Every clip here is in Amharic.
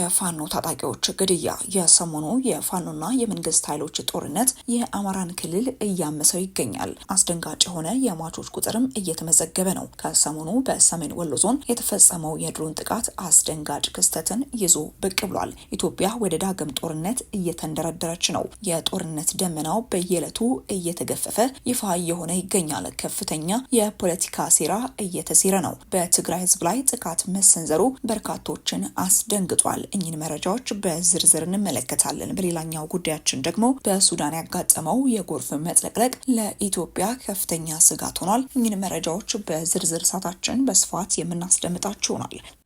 የፋኖ ታጣቂዎች ግድያ። የሰሞኑ የፋኖና የመንግስት ኃይሎች ጦርነት የአማራን ክልል እያመሰው ይገኛል። አስደንጋጭ የሆነ የሟቾች ቁጥርም እየተመዘገበ ነው። ከሰሞኑ በሰሜን ወሎ ዞን የተፈጸመው የድሮን ጥቃት አስደንጋጭ ክስተትን ይዞ ብቅ ብሏል። ኢትዮጵያ ወደ ዳግም ጦርነት እየተንደረደረች ነው። የጦርነት ደመናው በየዕለቱ እየተገፈፈ ይፋ እየሆነ ይገኛል። ከፍተኛ የፖለቲካ ሴራ እየተሴረ ነው። በትግራይ ህዝብ ላይ ጥቃት መሰንዘሩ በርካቶችን አስደንግጧል። የተገኙን መረጃዎች በዝርዝር እንመለከታለን። በሌላኛው ጉዳያችን ደግሞ በሱዳን ያጋጠመው የጎርፍ መጥለቅለቅ ለኢትዮጵያ ከፍተኛ ስጋት ሆኗል። እኚህን መረጃዎች በዝርዝር ሰዓታችን በስፋት የምናስደምጣችሁ ይሆናል።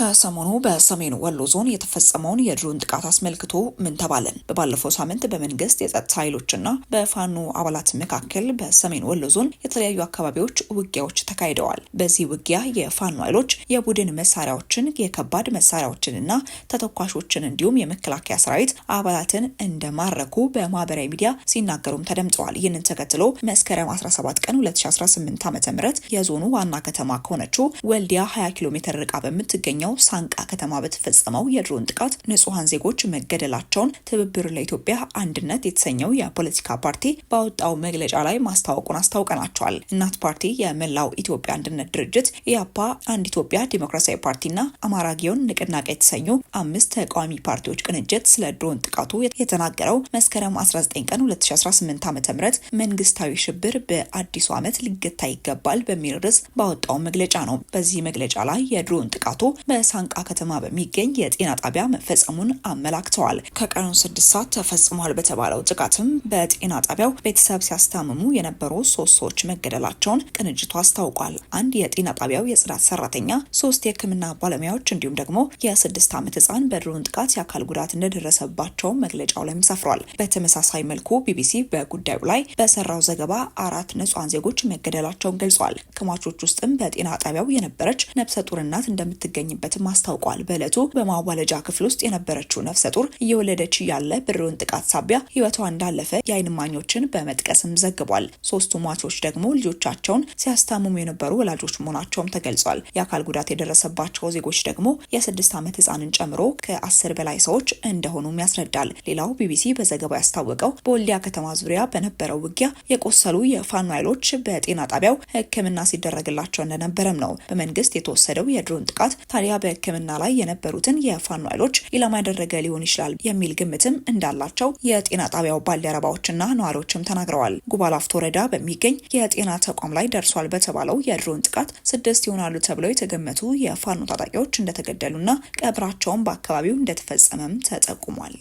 ከሰሞኑ በሰሜን ወሎ ዞን የተፈጸመውን የድሮን ጥቃት አስመልክቶ ምን ተባለን? በባለፈው ሳምንት በመንግስት የጸጥታ ኃይሎችና በፋኖ አባላት መካከል በሰሜን ወሎ ዞን የተለያዩ አካባቢዎች ውጊያዎች ተካሂደዋል። በዚህ ውጊያ የፋኖ ኃይሎች የቡድን መሳሪያዎችን፣ የከባድ መሳሪያዎችንና ተተኳሾችን እንዲሁም የመከላከያ ሰራዊት አባላትን እንደማረኩ በማህበራዊ ሚዲያ ሲናገሩም ተደምጠዋል። ይህንን ተከትሎ መስከረም 17 ቀን 2018 ዓ ም የዞኑ ዋና ከተማ ከሆነችው ወልዲያ 20 ኪሎ ሜትር ርቃ በምትገኘው በኬንያው ሳንቃ ከተማ በተፈጸመው የድሮን ጥቃት ንጹሐን ዜጎች መገደላቸውን ትብብር ለኢትዮጵያ አንድነት የተሰኘው የፖለቲካ ፓርቲ ባወጣው መግለጫ ላይ ማስታወቁን አስታውቀናቸዋል። እናት ፓርቲ፣ የመላው ኢትዮጵያ አንድነት ድርጅት ኢያፓ፣ አንድ ኢትዮጵያ ዲሞክራሲያዊ ፓርቲና አማራ ጊዮን ንቅናቄ የተሰኙ አምስት ተቃዋሚ ፓርቲዎች ቅንጅት ስለ ድሮን ጥቃቱ የተናገረው መስከረም 19 ቀን 2018 ዓ ም መንግስታዊ ሽብር በአዲሱ ዓመት ሊገታ ይገባል በሚል ርዕስ ባወጣው መግለጫ ነው። በዚህ መግለጫ ላይ የድሮን ጥቃቱ በሳንቃ ከተማ በሚገኝ የጤና ጣቢያ መፈጸሙን አመላክተዋል። ከቀኑ ስድስት ሰዓት ተፈጽሟል በተባለው ጥቃትም በጤና ጣቢያው ቤተሰብ ሲያስታምሙ የነበሩ ሶስት ሰዎች መገደላቸውን ቅንጅቱ አስታውቋል። አንድ የጤና ጣቢያው የጽዳት ሰራተኛ፣ ሶስት የህክምና ባለሙያዎች እንዲሁም ደግሞ የስድስት ዓመት ህፃን በድሮን ጥቃት የአካል ጉዳት እንደደረሰባቸው መግለጫው ላይም ሰፍሯል። በተመሳሳይ መልኩ ቢቢሲ በጉዳዩ ላይ በሰራው ዘገባ አራት ንጹሐን ዜጎች መገደላቸውን ገልጿል። ከሟቾች ውስጥም በጤና ጣቢያው የነበረች ነፍሰ ጡር እናት እንደምትገኝ እንደሚገኝበትም አስታውቋል። በዕለቱ በማዋለጃ ክፍል ውስጥ የነበረችው ነፍሰ ጡር እየወለደች እያለ በድሮን ጥቃት ሳቢያ ህይወቷ እንዳለፈ የአይን እማኞችን በመጥቀስም ዘግቧል። ሶስቱ ሟቾች ደግሞ ልጆቻቸውን ሲያስታምሙ የነበሩ ወላጆች መሆናቸውም ተገልጿል። የአካል ጉዳት የደረሰባቸው ዜጎች ደግሞ የስድስት ዓመት ህፃንን ጨምሮ ከአስር በላይ ሰዎች እንደሆኑም ያስረዳል። ሌላው ቢቢሲ በዘገባው ያስታወቀው በወልዲያ ከተማ ዙሪያ በነበረው ውጊያ የቆሰሉ የፋኖ ኃይሎች በጤና ጣቢያው ህክምና ሲደረግላቸው እንደነበረም ነው። በመንግስት የተወሰደው የድሮን ጥቃት ታዲያ ሻዕቢያ በህክምና ላይ የነበሩትን የፋኖ ኃይሎች ኢላማ ያደረገ ሊሆን ይችላል የሚል ግምትም እንዳላቸው የጤና ጣቢያው ባልደረባዎችና ነዋሪዎችም ተናግረዋል። ጉባላፍቶ ወረዳ በሚገኝ የጤና ተቋም ላይ ደርሷል በተባለው የድሮን ጥቃት ስድስት ይሆናሉ ተብለው የተገመቱ የፋኖ ታጣቂዎች እንደተገደሉና ቀብራቸውን በአካባቢው እንደተፈጸመም ተጠቁሟል።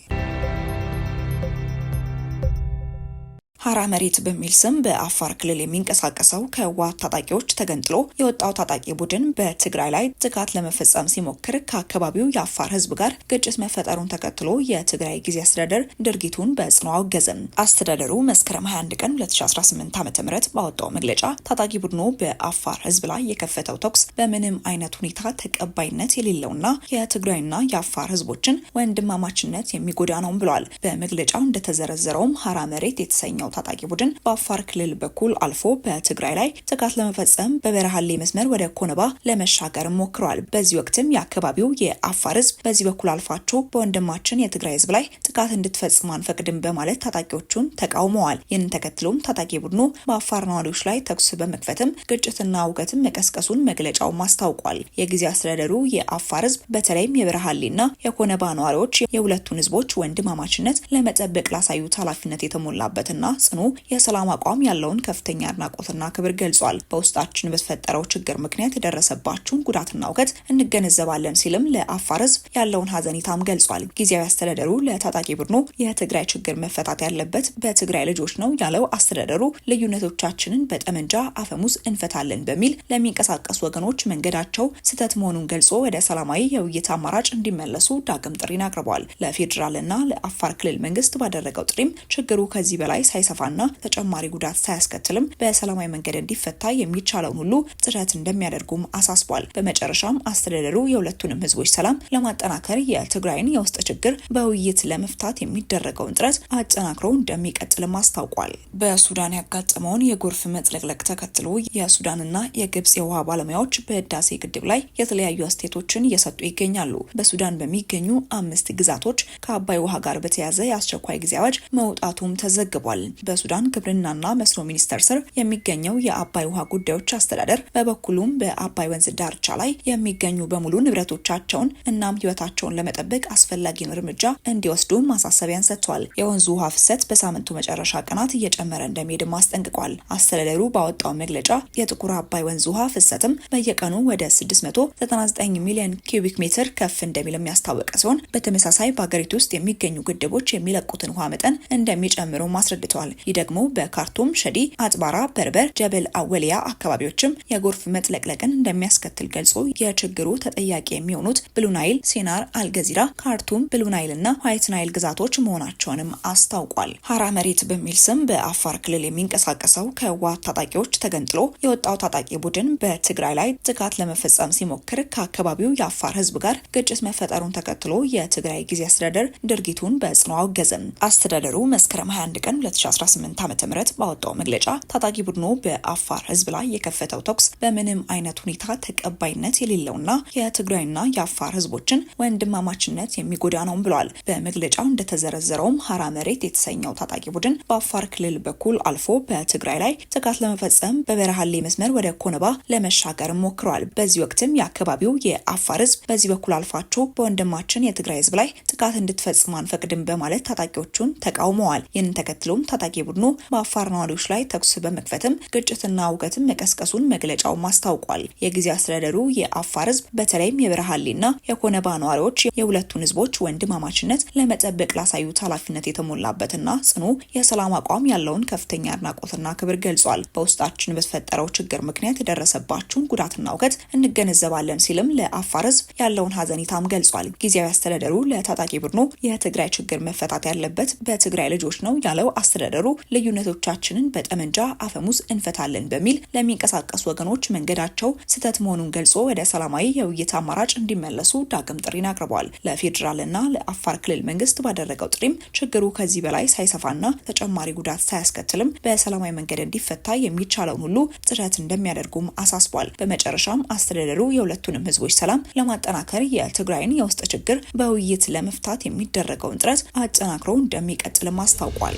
ሀራ መሬት በሚል ስም በአፋር ክልል የሚንቀሳቀሰው ከህወሓት ታጣቂዎች ተገንጥሎ የወጣው ታጣቂ ቡድን በትግራይ ላይ ጥቃት ለመፈጸም ሲሞክር ከአካባቢው የአፋር ህዝብ ጋር ግጭት መፈጠሩን ተከትሎ የትግራይ ጊዜ አስተዳደር ድርጊቱን በጽኑ አወገዘም። አስተዳደሩ መስከረም 21 ቀን 2018 ዓ ም ባወጣው መግለጫ ታጣቂ ቡድኑ በአፋር ህዝብ ላይ የከፈተው ተኩስ በምንም አይነት ሁኔታ ተቀባይነት የሌለውና የትግራይና የአፋር ህዝቦችን ወንድማማችነት የሚጎዳ ነው ብሏል። በመግለጫው እንደተዘረዘረውም ሀራ መሬት የተሰኘው የሆነው ታጣቂ ቡድን በአፋር ክልል በኩል አልፎ በትግራይ ላይ ጥቃት ለመፈጸም በበረሃሌ መስመር ወደ ኮነባ ለመሻገር ሞክረዋል። በዚህ ወቅትም የአካባቢው የአፋር ህዝብ በዚህ በኩል አልፋችሁ በወንድማችን የትግራይ ህዝብ ላይ ጥቃት እንድትፈጽም አንፈቅድም በማለት ታጣቂዎቹን ተቃውመዋል። ይህንን ተከትሎም ታጣቂ ቡድኑ በአፋር ነዋሪዎች ላይ ተኩስ በመክፈትም ግጭትና እውቀትም መቀስቀሱን መግለጫው አስታውቋል። የጊዜ አስተዳደሩ የአፋር ህዝብ በተለይም የበረሃሌና የኮነባ ነዋሪዎች የሁለቱን ህዝቦች ወንድማማችነት ለመጠበቅ ላሳዩት ኃላፊነት የተሞላበትና ጽኑ የሰላም አቋም ያለውን ከፍተኛ አድናቆትና ክብር ገልጿል። በውስጣችን በተፈጠረው ችግር ምክንያት የደረሰባቸውን ጉዳትና እውከት እንገነዘባለን ሲልም ለአፋር ህዝብ ያለውን ሀዘኔታም ገልጿል። ጊዜያዊ አስተዳደሩ ለታጣቂ ቡድኑ የትግራይ ችግር መፈታት ያለበት በትግራይ ልጆች ነው ያለው አስተዳደሩ ልዩነቶቻችንን በጠመንጃ አፈሙዝ እንፈታለን በሚል ለሚንቀሳቀሱ ወገኖች መንገዳቸው ስህተት መሆኑን ገልጾ ወደ ሰላማዊ የውይይት አማራጭ እንዲመለሱ ዳግም ጥሪን አቅርቧል። ለፌዴራልና ለአፋር ክልል መንግስት ባደረገው ጥሪም ችግሩ ከዚህ በላይ ሳይ ሳይሰፋና ተጨማሪ ጉዳት ሳያስከትልም በሰላማዊ መንገድ እንዲፈታ የሚቻለውን ሁሉ ጥረት እንደሚያደርጉም አሳስቧል። በመጨረሻም አስተዳደሩ የሁለቱንም ህዝቦች ሰላም ለማጠናከር የትግራይን የውስጥ ችግር በውይይት ለመፍታት የሚደረገውን ጥረት አጠናክሮ እንደሚቀጥልም አስታውቋል። በሱዳን ያጋጠመውን የጎርፍ መጥለቅለቅ ተከትሎ የሱዳንና የግብጽ የውሃ ባለሙያዎች በህዳሴ ግድብ ላይ የተለያዩ አስተያየቶችን እየሰጡ ይገኛሉ። በሱዳን በሚገኙ አምስት ግዛቶች ከአባይ ውሃ ጋር በተያያዘ የአስቸኳይ ጊዜ አዋጅ መውጣቱም ተዘግቧል። በሱዳን ግብርናና መስኖ ሚኒስቴር ስር የሚገኘው የአባይ ውሃ ጉዳዮች አስተዳደር በበኩሉም በአባይ ወንዝ ዳርቻ ላይ የሚገኙ በሙሉ ንብረቶቻቸውን እናም ህይወታቸውን ለመጠበቅ አስፈላጊውን እርምጃ እንዲወስዱ ማሳሰቢያን ሰጥቷል። የወንዙ ውሃ ፍሰት በሳምንቱ መጨረሻ ቀናት እየጨመረ እንደሚሄድም አስጠንቅቋል። አስተዳደሩ ባወጣው መግለጫ የጥቁር አባይ ወንዝ ውሃ ፍሰትም በየቀኑ ወደ 699 ሚሊዮን ኪዩቢክ ሜትር ከፍ እንደሚልም ያስታወቀ ሲሆን በተመሳሳይ በሀገሪቱ ውስጥ የሚገኙ ግድቦች የሚለቁትን ውሃ መጠን እንደሚጨምሩም አስረድተዋል። ተከስቷል። ይህ ደግሞ በካርቱም፣ ሸዲ፣ አጽባራ፣ በርበር፣ ጀበል አወሊያ አካባቢዎችም የጎርፍ መጥለቅለቅን እንደሚያስከትል ገልጾ የችግሩ ተጠያቂ የሚሆኑት ብሉናይል፣ ሴናር፣ አልገዚራ፣ ካርቱም፣ ብሉናይል እና ዋይት ናይል ግዛቶች መሆናቸውንም አስታውቋል። ሀራ መሬት በሚል ስም በአፋር ክልል የሚንቀሳቀሰው ከህወሓት ታጣቂዎች ተገንጥሎ የወጣው ታጣቂ ቡድን በትግራይ ላይ ጥቃት ለመፈጸም ሲሞክር ከአካባቢው የአፋር ህዝብ ጋር ግጭት መፈጠሩን ተከትሎ የትግራይ ጊዜ አስተዳደር ድርጊቱን በጽኑ አወገዘም። አስተዳደሩ መስከረም 21 ቀን 2017 2018 ዓ ም ባወጣው መግለጫ ታጣቂ ቡድኑ በአፋር ህዝብ ላይ የከፈተው ተኩስ በምንም አይነት ሁኔታ ተቀባይነት የሌለውና የትግራይና የአፋር ህዝቦችን ወንድማማችነት የሚጎዳ ነው ብሏል። በመግለጫው እንደተዘረዘረውም ሀራ መሬት የተሰኘው ታጣቂ ቡድን በአፋር ክልል በኩል አልፎ በትግራይ ላይ ጥቃት ለመፈጸም በበረሃሌ መስመር ወደ ኮነባ ለመሻገር ሞክረዋል። በዚህ ወቅትም የአካባቢው የአፋር ህዝብ በዚህ በኩል አልፋችሁ በወንድማችን የትግራይ ህዝብ ላይ ጥቃት እንድትፈጽም አንፈቅድም በማለት ታጣቂዎቹን ተቃውመዋል። ይህንን ተከትሎም ታጣቂ ታጣቂ ቡድኑ በአፋር ነዋሪዎች ላይ ተኩስ በመክፈትም ግጭትና እውቀትም መቀስቀሱን መግለጫውም አስታውቋል። የጊዜ አስተዳደሩ የአፋር ህዝብ በተለይም የበረሃሌና የኮነባ ነዋሪዎች የሁለቱን ህዝቦች ወንድማማችነት ለመጠበቅ ላሳዩት ኃላፊነት የተሞላበትና ጽኑ የሰላም አቋም ያለውን ከፍተኛ አድናቆትና ክብር ገልጿል። በውስጣችን በተፈጠረው ችግር ምክንያት የደረሰባችሁን ጉዳትና እውቀት እንገነዘባለን ሲልም ለአፋር ህዝብ ያለውን ሀዘኔታም ገልጿል። ጊዜያዊ አስተዳደሩ ለታጣቂ ቡድኑ የትግራይ ችግር መፈታት ያለበት በትግራይ ልጆች ነው ያለው አስተዳደሩ አስተዳደሩ ልዩነቶቻችንን በጠመንጃ አፈሙዝ እንፈታለን በሚል ለሚንቀሳቀሱ ወገኖች መንገዳቸው ስህተት መሆኑን ገልጾ ወደ ሰላማዊ የውይይት አማራጭ እንዲመለሱ ዳግም ጥሪን አቅርበዋል። ለፌዴራልና ለአፋር ክልል መንግስት ባደረገው ጥሪም ችግሩ ከዚህ በላይ ሳይሰፋና ተጨማሪ ጉዳት ሳያስከትልም በሰላማዊ መንገድ እንዲፈታ የሚቻለውን ሁሉ ጥረት እንደሚያደርጉም አሳስቧል። በመጨረሻም አስተዳደሩ የሁለቱንም ህዝቦች ሰላም ለማጠናከር የትግራይን የውስጥ ችግር በውይይት ለመፍታት የሚደረገውን ጥረት አጠናክሮ እንደሚቀጥልም አስታውቋል።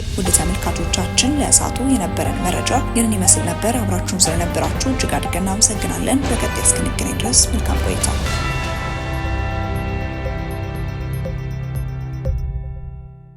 ተመልካቾቻችን ለእሳቱ የነበረን መረጃ ይህንን ይመስል ነበር። አብራችሁን ስለነበራችሁ እጅግ አድርገን እናመሰግናለን። በቀጣይ እስክንገናኝ ድረስ መልካም ቆይታ